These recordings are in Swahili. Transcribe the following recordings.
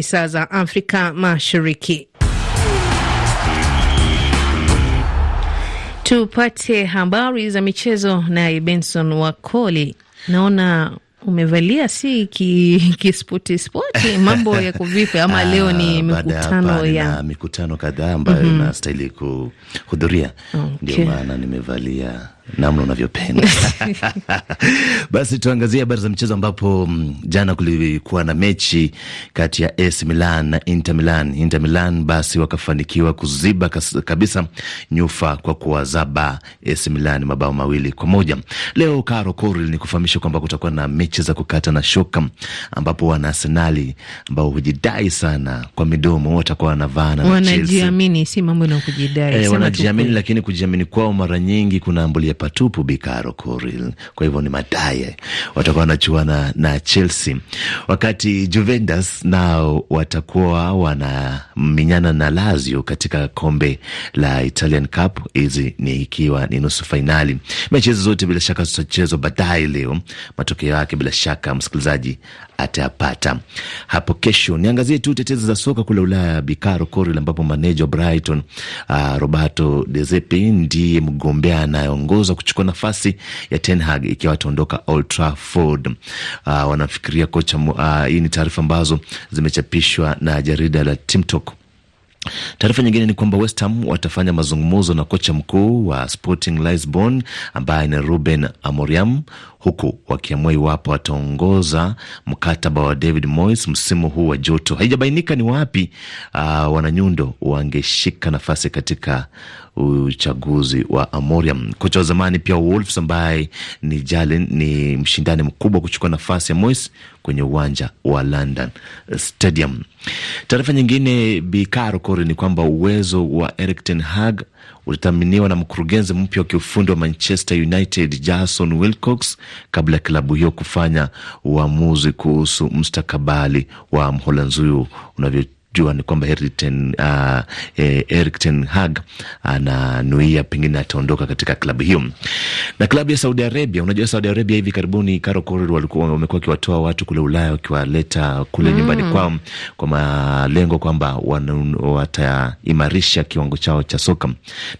Saa za Afrika Mashariki. Tupate habari za michezo naye Benson Wakoli. Naona umevalia si kispoti ki spoti, mambo ya kuvipi? Ama ah, leo ni mikutano ya mikutano kadhaa ambayo mm -hmm. nastahili kuhudhuria okay. maana nimevalia namna unavyopenda basi tuangazie habari za mchezo ambapo mm, jana kulikuwa na mechi kati ya AC Milan na Inter Milan. Inter Milan basi wakafanikiwa kuziba kabisa nyufa kwa kuwazaba AC Milan mabao mawili kwa moja. Leo Caro Koril ni kufahamisha kwamba kutakuwa na mechi za kukata na shoka, ambapo wana Arsenali ambao hujidai sana kwa midomo watakuwa wanavaana na Chelsea. Wanajiamini, si mambo na kujidai, E, wanajiamini, lakini kujiamini kwao mara nyingi kuna kunaambulia madai patupu Bikaro Kuril. Kwa hivyo ni madaye watakuwa wanachuana na Chelsea, wakati Juventus nao watakuwa wanaminyana na Lazio katika kombe la Italian Cup, hizi ni ikiwa ni nusu fainali. Mechi hizi zote bila shaka zitachezwa baadaye leo. Matokeo yake bila shaka msikilizaji atayapata hapo kesho. Niangazie tu tetezi za soka kule Ulaya, Bikaro Kuril, ambapo maneja Brighton uh, Roberto De Zerbi ndiye mgombea anayeongoza Spurs kuchukua nafasi ya Ten Hag ikiwa ataondoka Old Trafford. Uh, wanafikiria kocha uh, hii ni taarifa ambazo zimechapishwa na jarida la Timtok. Taarifa nyingine ni kwamba West Ham watafanya mazungumzo na kocha mkuu wa Sporting Lisbon ambaye ni Ruben Amoriam, huku wakiamua iwapo wataongoza mkataba wa David Moyes msimu huu wa joto. Haijabainika ni wapi uh, wananyundo wangeshika nafasi katika uchaguzi wa Amorim. Kocha wa zamani pia Wolves ambaye ni Jalen ni mshindani mkubwa kuchukua nafasi ya Moyes kwenye uwanja wa London Stadium. Taarifa nyingine Bikaro Kori ni kwamba uwezo wa Erik ten Hag ulitaminiwa na mkurugenzi mpya wa kiufundi wa Manchester United Jason Wilcox kabla ya klabu hiyo kufanya uamuzi kuhusu mstakabali wa Mholanzi huyo unavyo jua ni kwamba Erik ten, uh, ah, eh, Erik ten Hag ananuia pengine ataondoka katika klabu hiyo. Na klabu ya Saudi Arabia, unajua Saudi Arabia hivi karibuni Caro Koror walikuwa wamekuwa wakiwatoa watu kule Ulaya wakiwaleta kule mm, nyumbani kwao kwa malengo kwamba wataimarisha kiwango chao cha soka,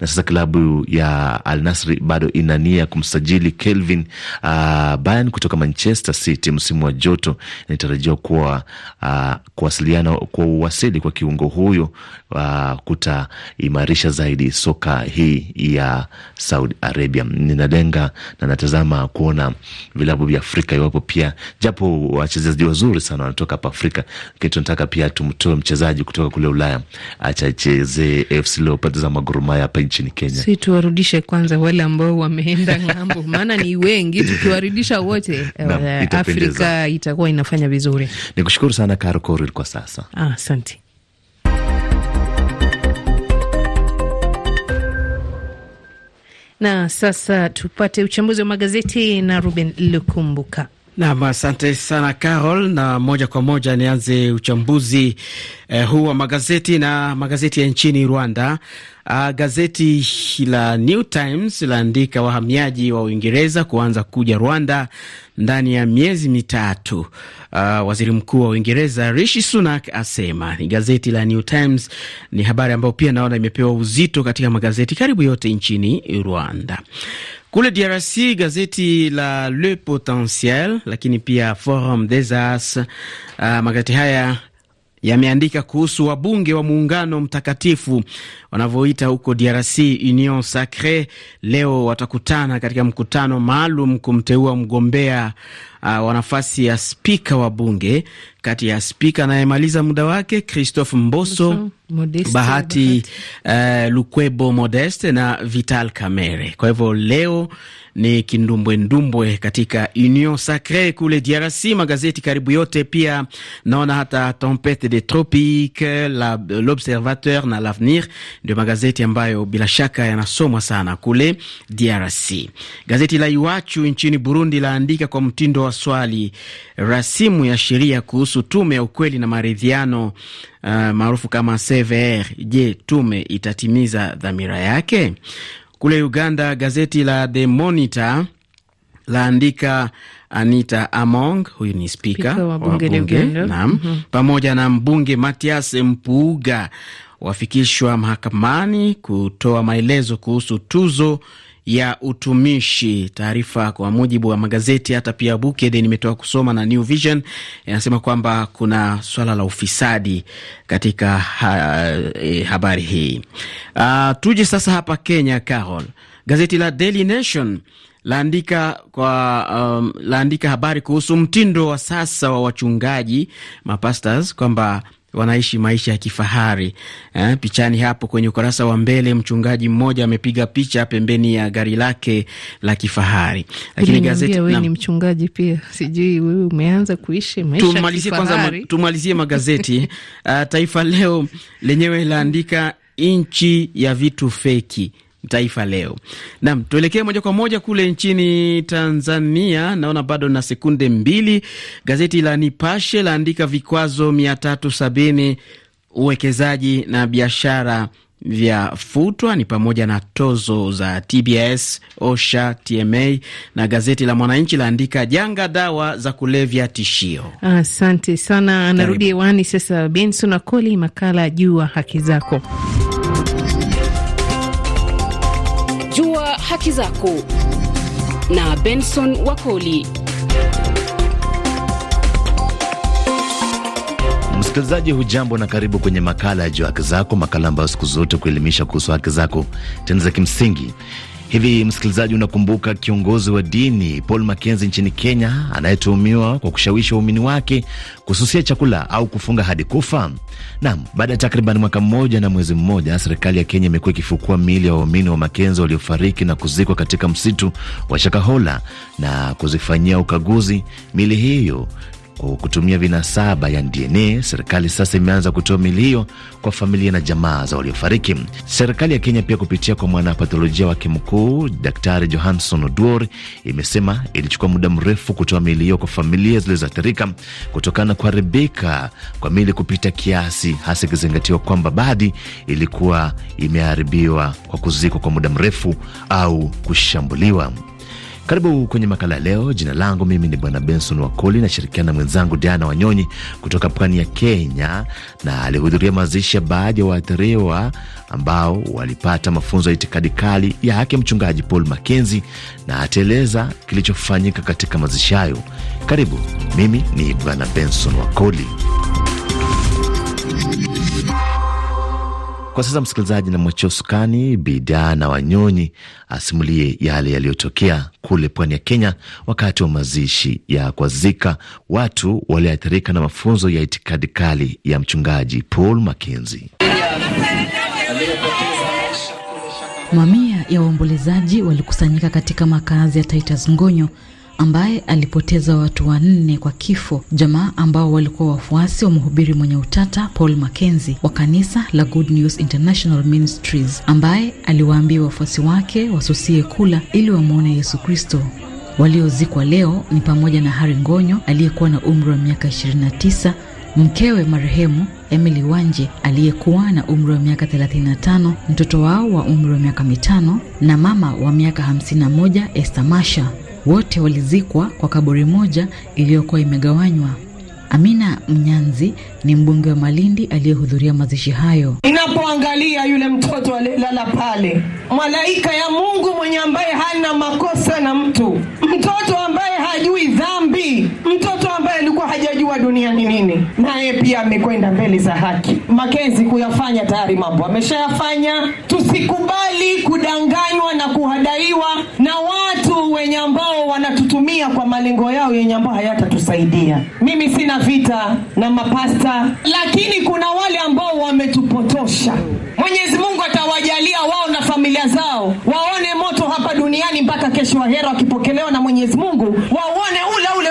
na sasa klabu ya Al Nasri bado ina nia kumsajili Kelvin uh, Bayern kutoka Manchester City. Msimu wa joto inatarajiwa kuwa uh, kuwasiliana kuwa kuwasili kwa kiungo huyo uh, kutaimarisha zaidi soka hii ya Saudi Arabia. Ninalenga na natazama kuona vilabu vya Afrika iwapo pia, japo wachezaji wazuri sana wanatoka hapa Afrika, lakini tunataka pia tumtoe mchezaji kutoka kule Ulaya achachezee FC Leopards za Magurumaya hapa nchini Kenya. Si tuwarudishe kwanza wale ambao wameenda ng'ambo, maana ni wengi. Tukiwarudisha wote na, eh, Afrika itakuwa inafanya vizuri. Nikushukuru sana Karokori kwa sasa, asante. Na sasa tupate uchambuzi wa magazeti na Ruben Lukumbuka. Nam, asante sana Carol, na moja kwa moja nianze uchambuzi eh, huu wa magazeti na magazeti ya nchini Rwanda. Uh, gazeti la New Times laandika wahamiaji wa Uingereza kuanza kuja Rwanda ndani ya miezi mitatu uh, waziri mkuu wa Uingereza Rishi Sunak asema. Ni gazeti la New Times, ni habari ambayo pia naona imepewa uzito katika magazeti karibu yote nchini Rwanda. Kule DRC gazeti la Le Potentiel lakini pia Forum des As, uh, magazeti haya yameandika kuhusu wabunge wa muungano mtakatifu wanavyoita huko DRC Union Sacre. Leo watakutana katika mkutano maalum kumteua mgombea uh, wa nafasi ya spika wa bunge kati ya spika anayemaliza muda wake Christophe Mboso, Mboso. Modeste, Bahati, Bahati. Uh, Lukwebo Modeste na Vital Kamerhe. Kwa hivyo leo ni kindumbwe ndumbwe katika Union Sacre kule DRC. Magazeti karibu yote pia naona hata Tempete des Tropiques, L'Observateur na L'Avenir ndio magazeti ambayo bila shaka yanasomwa sana kule DRC. Gazeti la Iwachu nchini Burundi laandika kwa mtindo wa swali rasimu ya sheria kuhusu tume ya ukweli na maridhiano uh, maarufu kama CVR. Je, tume itatimiza dhamira yake? Kule Uganda, gazeti la The Monitor laandika Anita Among, huyu ni spika wa bunge mm -hmm. pamoja na mbunge Matias Mpuuga wafikishwa mahakamani kutoa maelezo kuhusu tuzo ya utumishi. Taarifa kwa mujibu wa magazeti hata pia Bukede nimetoka kusoma na New Vision inasema kwamba kuna swala la ufisadi katika ha e, habari hii. Uh, tuje sasa hapa Kenya, Carol. Gazeti la Daily Nation laandika kwa um, laandika habari kuhusu mtindo wa sasa wa wachungaji mapastors kwamba wanaishi maisha ya kifahari eh. Pichani hapo kwenye ukurasa wa mbele, mchungaji mmoja amepiga picha pembeni ya gari lake la kifahari. Lakini gazeti wewe ni mchungaji pia, sijui wewe umeanza kuishi maisha tumalizie kwanza ma, tumalizie magazeti uh, Taifa Leo lenyewe laandika nchi ya vitu feki Taifa Leo. Naam, tuelekee moja kwa moja kule nchini Tanzania. Naona bado na sekunde mbili. Gazeti la Nipashe laandika vikwazo mia tatu sabini uwekezaji na biashara vya futwa ni pamoja na tozo za TBS, OSHA, TMA na gazeti la Mwananchi laandika janga dawa za kulevya tishio. Asante sana, anarudi hewani sasa Benson Akoli, makala juu wa haki zako. haki zako na Benson Wakoli. Msikilizaji hujambo na karibu kwenye makala ya Jua Haki Zako, makala ambayo siku zote kuelimisha kuhusu haki zako tena za kimsingi. Hivi msikilizaji, unakumbuka kiongozi wa dini Paul makenzi nchini Kenya anayetuhumiwa kwa kushawishi waumini wake kususia chakula au kufunga hadi kufa? Naam, baada ya takriban mwaka mmoja na mwezi mmoja, serikali ya Kenya imekuwa ikifukua miili ya waumini wa makenzi waliofariki na kuzikwa katika msitu wa Shakahola na kuzifanyia ukaguzi miili hiyo kutumia vinasaba ya DNA, serikali sasa imeanza kutoa mili hiyo kwa familia na jamaa za waliofariki. Serikali ya Kenya pia kupitia kwa mwanapatholojia wake mkuu Daktari Johanson Oduor imesema ilichukua muda mrefu kutoa mili hiyo kwa familia zilizoathirika kutokana na kuharibika kwa mili kupita kiasi, hasa ikizingatiwa kwamba baadhi ilikuwa imeharibiwa kwa kuzikwa kwa muda mrefu au kushambuliwa. Karibu kwenye makala ya leo. Jina langu mimi ni Bwana Benson Wakoli, nashirikiana na mwenzangu Diana Wanyonyi kutoka pwani ya Kenya, na alihudhuria mazishi ya baadhi ya waathiriwa ambao walipata mafunzo ya itikadi kali ya haki, ya Mchungaji Paul Makenzi, na ataeleza kilichofanyika katika mazishi hayo. Karibu. Mimi ni Bwana Benson Wakoli. Kwa sasa, msikilizaji, mwachia usukani bidhaa na Wanyonyi asimulie yale yaliyotokea kule pwani ya Kenya wakati wa mazishi ya kuwazika watu walioathirika na mafunzo ya itikadi kali ya mchungaji Paul makinzi Mamia ya waombolezaji walikusanyika katika makazi ya Titus Ngonyo ambaye alipoteza watu wanne kwa kifo, jamaa ambao walikuwa wafuasi wa mhubiri mwenye utata Paul Mackenzie wa kanisa la Good News International Ministries, ambaye aliwaambia wafuasi wake wasusie kula ili wamwone Yesu Kristo. Waliozikwa leo ni pamoja na hari Ngonyo aliyekuwa na umri wa miaka 29, mkewe marehemu Emily Wanje aliyekuwa na umri wa miaka 35, mtoto wao wa umri wa miaka mitano na mama wa miaka 51 Esther Masha. Wote walizikwa kwa kaburi moja iliyokuwa imegawanywa. Amina Mnyanzi ni mbunge wa Malindi aliyehudhuria mazishi hayo. Ninapoangalia yule mtoto aliyelala pale, malaika ya Mungu mwenye ambaye hana makosa na mtu, mtoto ambaye hajui dhambi, mtoto hajajua dunia ni nini, naye pia amekwenda mbele za haki. Makenzi kuyafanya tayari mambo ameshayafanya. Tusikubali kudanganywa na kuhadaiwa na watu wenye ambao wanatutumia kwa malengo yao yenye ambao hayatatusaidia. Mimi sina vita na mapasta, lakini kuna wale ambao wametupotosha. Mwenyezi Mungu atawajalia wao na familia zao waone moto hapa duniani mpaka kesho wahera wakipokelewa na Mwenyezi Mungu waone ule ule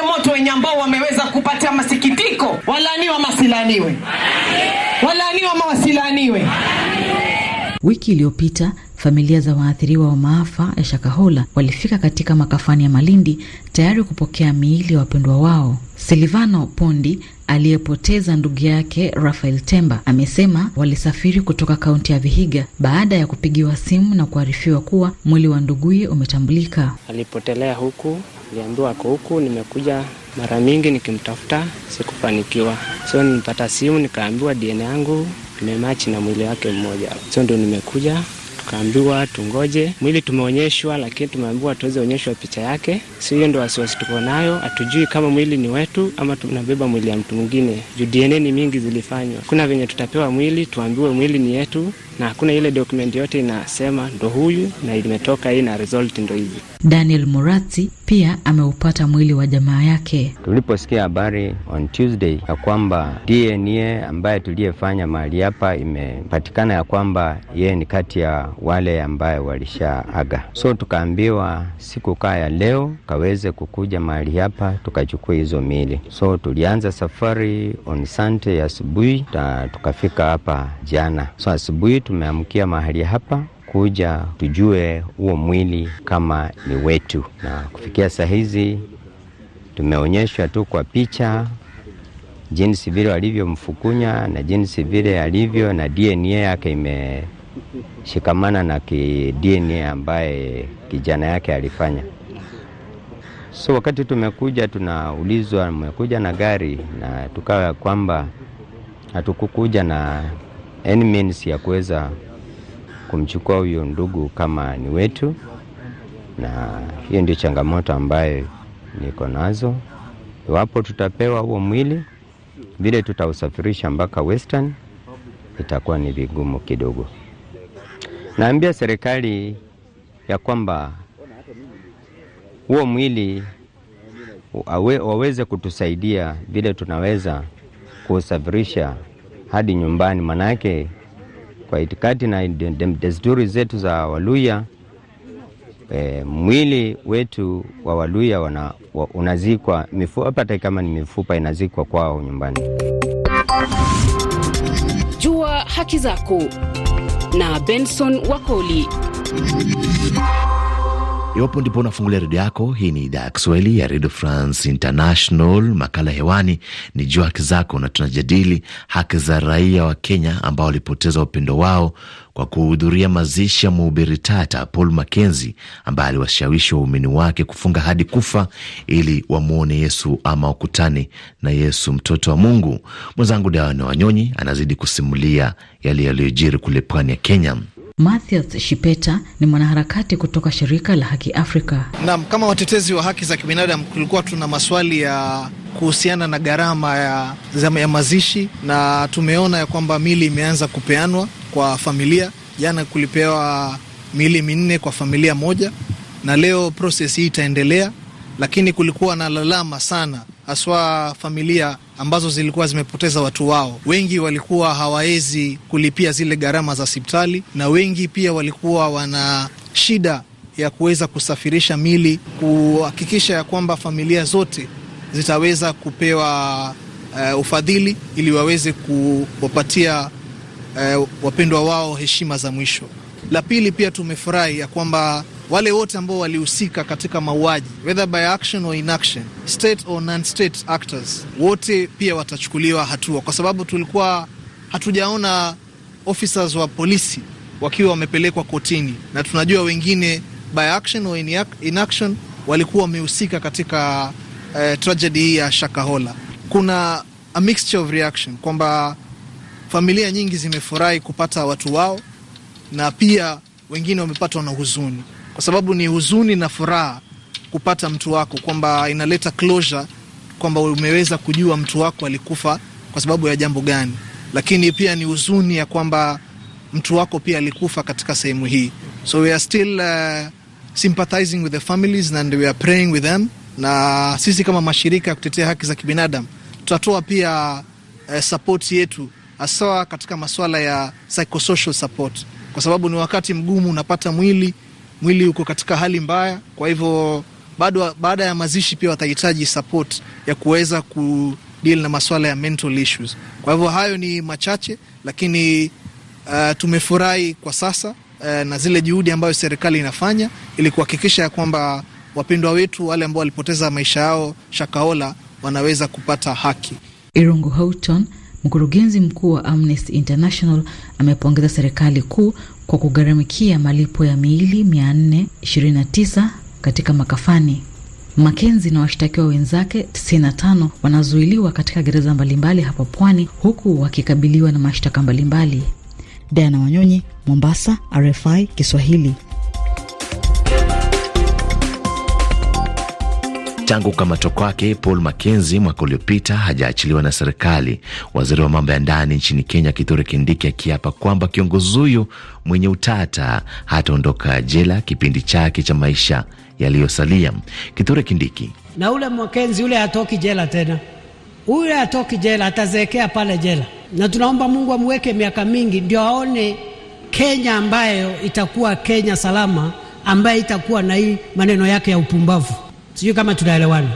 ambao wameweza kupata masikitiko, walaaniwa masilaniwe, walaaniwa mawasilaniwe. Wiki iliyopita familia za waathiriwa wa maafa ya Shakahola walifika katika makafani ya Malindi tayari kupokea miili ya wapendwa wao. Silivano Pondi aliyepoteza ndugu yake Rafael Temba amesema walisafiri kutoka kaunti ya Vihiga baada ya kupigiwa simu na kuarifiwa kuwa mwili wa nduguye umetambulika. Alipotelea huku niliambiwa ako huku, nimekuja mara mingi nikimtafuta sikufanikiwa, so nilipata simu nikaambiwa DNA yangu imemachi na mwili wake mmoja, so ndio nimekuja tukaambiwa tungoje mwili. Tumeonyeshwa, lakini tumeambiwa tuweze onyeshwa picha yake, si hiyo ndo wasiwasi tuko nayo. Hatujui kama mwili ni wetu ama tunabeba mwili ya mtu mwingine, juu DNA ni mingi zilifanywa. Kuna venye tutapewa mwili tuambiwe mwili ni yetu na hakuna ile dokumenti yote inasema ndo huyu na imetoka hii na result ndo hivi. Daniel Murati pia ameupata mwili wa jamaa yake. Tuliposikia habari on Tuesday ya kwamba DNA ambaye tuliyefanya mahali hapa imepatikana ya kwamba yeye ni kati ya wale ambaye walishaaga, so tukaambiwa siku kaa ya leo kaweze kukuja mahali hapa tukachukua hizo mili So tulianza safari on Sunday asubuhi na tukafika hapa jana, so asubuhi tumeamkia mahali hapa kuja tujue huo mwili kama ni wetu, na kufikia saa hizi tumeonyeshwa tu kwa picha jinsi vile walivyomfukunya na jinsi vile alivyo na DNA yake imeshikamana na ki DNA ambaye kijana yake alifanya. So wakati tumekuja tunaulizwa mmekuja na gari, na tukawa kwamba hatukukuja na any means ya kuweza kumchukua huyo ndugu kama ni wetu, na hiyo ndio changamoto ambayo niko nazo. Iwapo tutapewa huo mwili, vile tutausafirisha mpaka Western itakuwa ni vigumu kidogo. Naambia serikali ya kwamba huo mwili waweze kutusaidia vile tunaweza kuusafirisha hadi nyumbani. Manake kwa itikadi na desturi zetu za Waluya e, mwili wetu wa Waluya wana, wa, unazikwa mifupa, hata kama ni mifupa inazikwa kwao nyumbani. Jua haki zako na Benson Wakoli. Iwapo ndipo unafungulia redio yako, hii ni idhaa ya Kiswahili ya Redio France International. Makala hewani ni Jua Haki Zako, na tunajadili haki za raia wa Kenya ambao walipoteza upendo wao kwa kuhudhuria mazishi ya mhubiri tata Paul Makenzi ambaye aliwashawishi waumini wake kufunga hadi kufa ili wamwone Yesu ama wakutane na Yesu mtoto wa Mungu. Mwenzangu Dawana Wanyonyi anazidi kusimulia yale yaliyojiri kule pwani ya Kenya. Mathias Shipeta ni mwanaharakati kutoka shirika la Haki Afrika. Naam, kama watetezi wa haki za kibinadamu tulikuwa tuna maswali ya kuhusiana na gharama ya, ya mazishi na tumeona ya kwamba mili imeanza kupeanwa kwa familia. Jana kulipewa mili minne kwa familia moja, na leo proses hii itaendelea, lakini kulikuwa na lalama sana haswa familia ambazo zilikuwa zimepoteza watu wao. Wengi walikuwa hawawezi kulipia zile gharama za hospitali, na wengi pia walikuwa wana shida ya kuweza kusafirisha mili, kuhakikisha ya kwamba familia zote zitaweza kupewa uh, ufadhili ili waweze kuwapatia uh, wapendwa wao heshima za mwisho. La pili, pia tumefurahi ya kwamba wale wote ambao walihusika katika mauaji, whether by action or inaction, state or non-state actors, wote pia watachukuliwa hatua, kwa sababu tulikuwa hatujaona officers wa polisi wakiwa wamepelekwa kotini, na tunajua wengine by action or inaction walikuwa wamehusika katika eh, tragedy hii ya Shakahola. Kuna a mixture of reaction kwamba familia nyingi zimefurahi kupata watu wao na pia wengine wamepatwa na huzuni kwa sababu ni huzuni na furaha kupata mtu wako, kwamba inaleta closure kwamba umeweza kujua mtu wako alikufa kwa sababu ya jambo gani, lakini pia ni huzuni ya kwamba mtu wako pia alikufa katika sehemu hii. So we are still uh, sympathizing with the families and we are praying with them, na sisi kama mashirika ya kutetea haki za kibinadamu tutatoa pia uh, support yetu hasa katika masuala ya psychosocial support, kwa sababu ni wakati mgumu, unapata mwili mwili uko katika hali mbaya. Kwa hivyo bado baada ya mazishi pia watahitaji support ya kuweza kudeal na masuala ya mental issues. Kwa hivyo hayo ni machache, lakini uh, tumefurahi kwa sasa uh, na zile juhudi ambayo serikali inafanya ili kuhakikisha ya kwamba wapendwa wetu wale ambao walipoteza maisha yao shakaola wanaweza kupata haki. Irungu Houghton, mkurugenzi mkuu wa Amnesty International, amepongeza serikali kuu kwa kugharamikia malipo ya miili 429 katika makafani. Makenzi na washtakiwa wenzake 95 wanazuiliwa katika gereza mbalimbali hapa pwani huku wakikabiliwa na mashtaka mbalimbali. Diana Wanyonyi, Mombasa, RFI Kiswahili. Tangu kukamatwa kwake Paul makenzi mwaka uliopita hajaachiliwa na serikali, waziri wa mambo ya ndani nchini Kenya Kithure Kindiki akiapa kwamba kiongozi huyu mwenye utata hataondoka jela kipindi chake cha maisha yaliyosalia. Kithure Kindiki: na ule Makenzi ule hatoki jela tena, ule hatoki jela, atazeekea pale jela, na tunaomba Mungu amweke miaka mingi ndio aone Kenya ambayo itakuwa Kenya salama, ambayo itakuwa na hii maneno yake ya upumbavu. Sijui kama tunaelewana,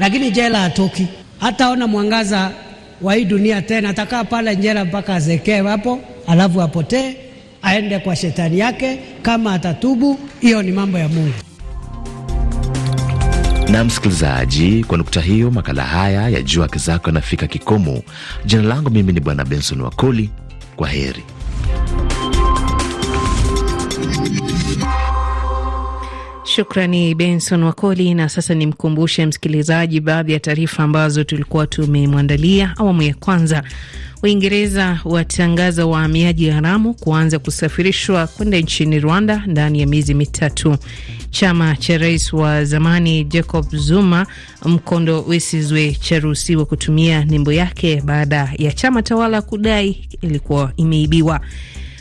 lakini jela atoki, hataona mwangaza wa hii dunia tena. Atakaa pale jela mpaka azekee hapo, alafu apotee aende kwa shetani yake. Kama atatubu, hiyo ni mambo ya Mungu. Na msikilizaji, kwa nukta hiyo, makala haya ya Jua Haki Zako yanafika kikomo. Jina langu mimi ni Bwana Benson Wakoli. Kwa heri. Shukrani Benson Wakoli. Na sasa nimkumbushe msikilizaji baadhi ya taarifa ambazo tulikuwa tumemwandalia awamu ya kwanza. Uingereza watangaza wahamiaji haramu kuanza kusafirishwa kwenda nchini Rwanda ndani ya miezi mitatu. Chama cha rais wa zamani Jacob Zuma Mkondo Wesizwe charuhusiwa kutumia nembo yake baada ya chama tawala kudai ilikuwa imeibiwa.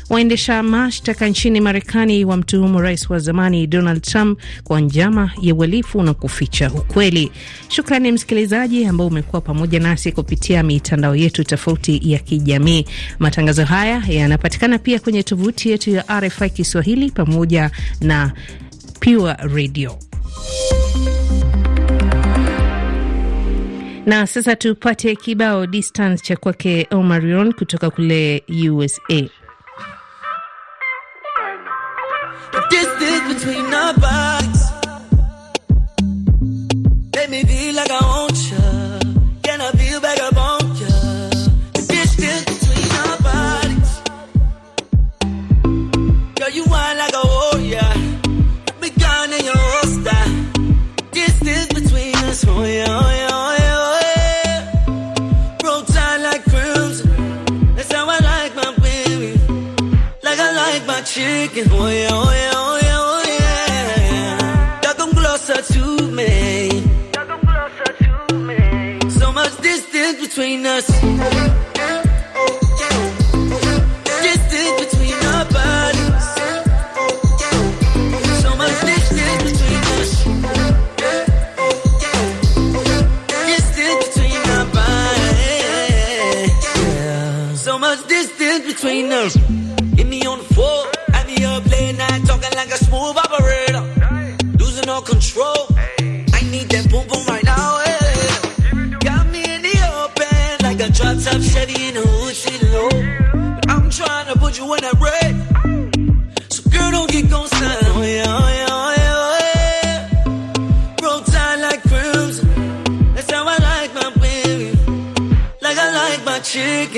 Waendesha mashtaka nchini Marekani wamtuhumu rais wa zamani Donald Trump kwa njama ya uhalifu na kuficha ukweli. Shukrani msikilizaji ambao umekuwa pamoja nasi kupitia mitandao yetu tofauti ya kijamii. Matangazo haya yanapatikana pia kwenye tovuti yetu ya RFI Kiswahili pamoja na Pure Radio. Na sasa tupate kibao distance cha kwake Omarion kutoka kule USA. me be like I want ya, Can I feel back up on you? If it's still between our bodies. Girl, you wine like a warrior. Let me gone in your holster. Distance between us, oh yeah, oh yeah. chicken, oh yeah. us.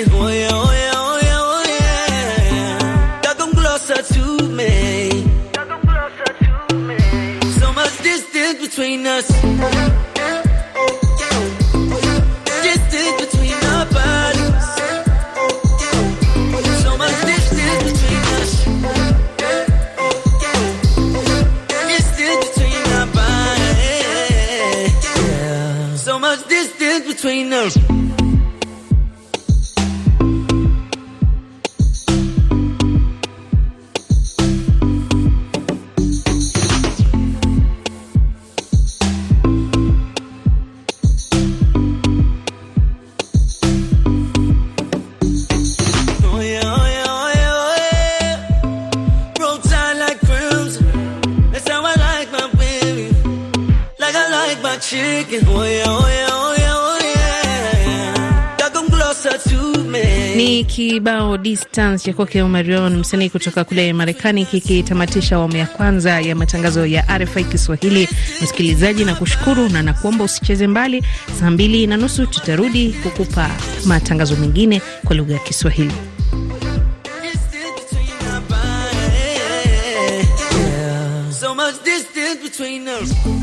thinking, oh yeah, oh yeah, oh yeah, oh yeah. Y'all closer to me. to me. So much distance between us. Distance between our bodies. So much distance between us. Distance between our bodies. Yeah. So much distance between us. my chicken. Oh yeah, oh yeah, Ni kibao distance ya kwake Omarion, msanii kutoka kule Marekani, kikitamatisha awamu ya kwanza ya matangazo ya RFI Kiswahili. Msikilizaji na kushukuru na nakuomba usicheze mbali. Saa mbili na nusu tutarudi kukupa matangazo mengine kwa lugha ya Kiswahili. Yeah. So much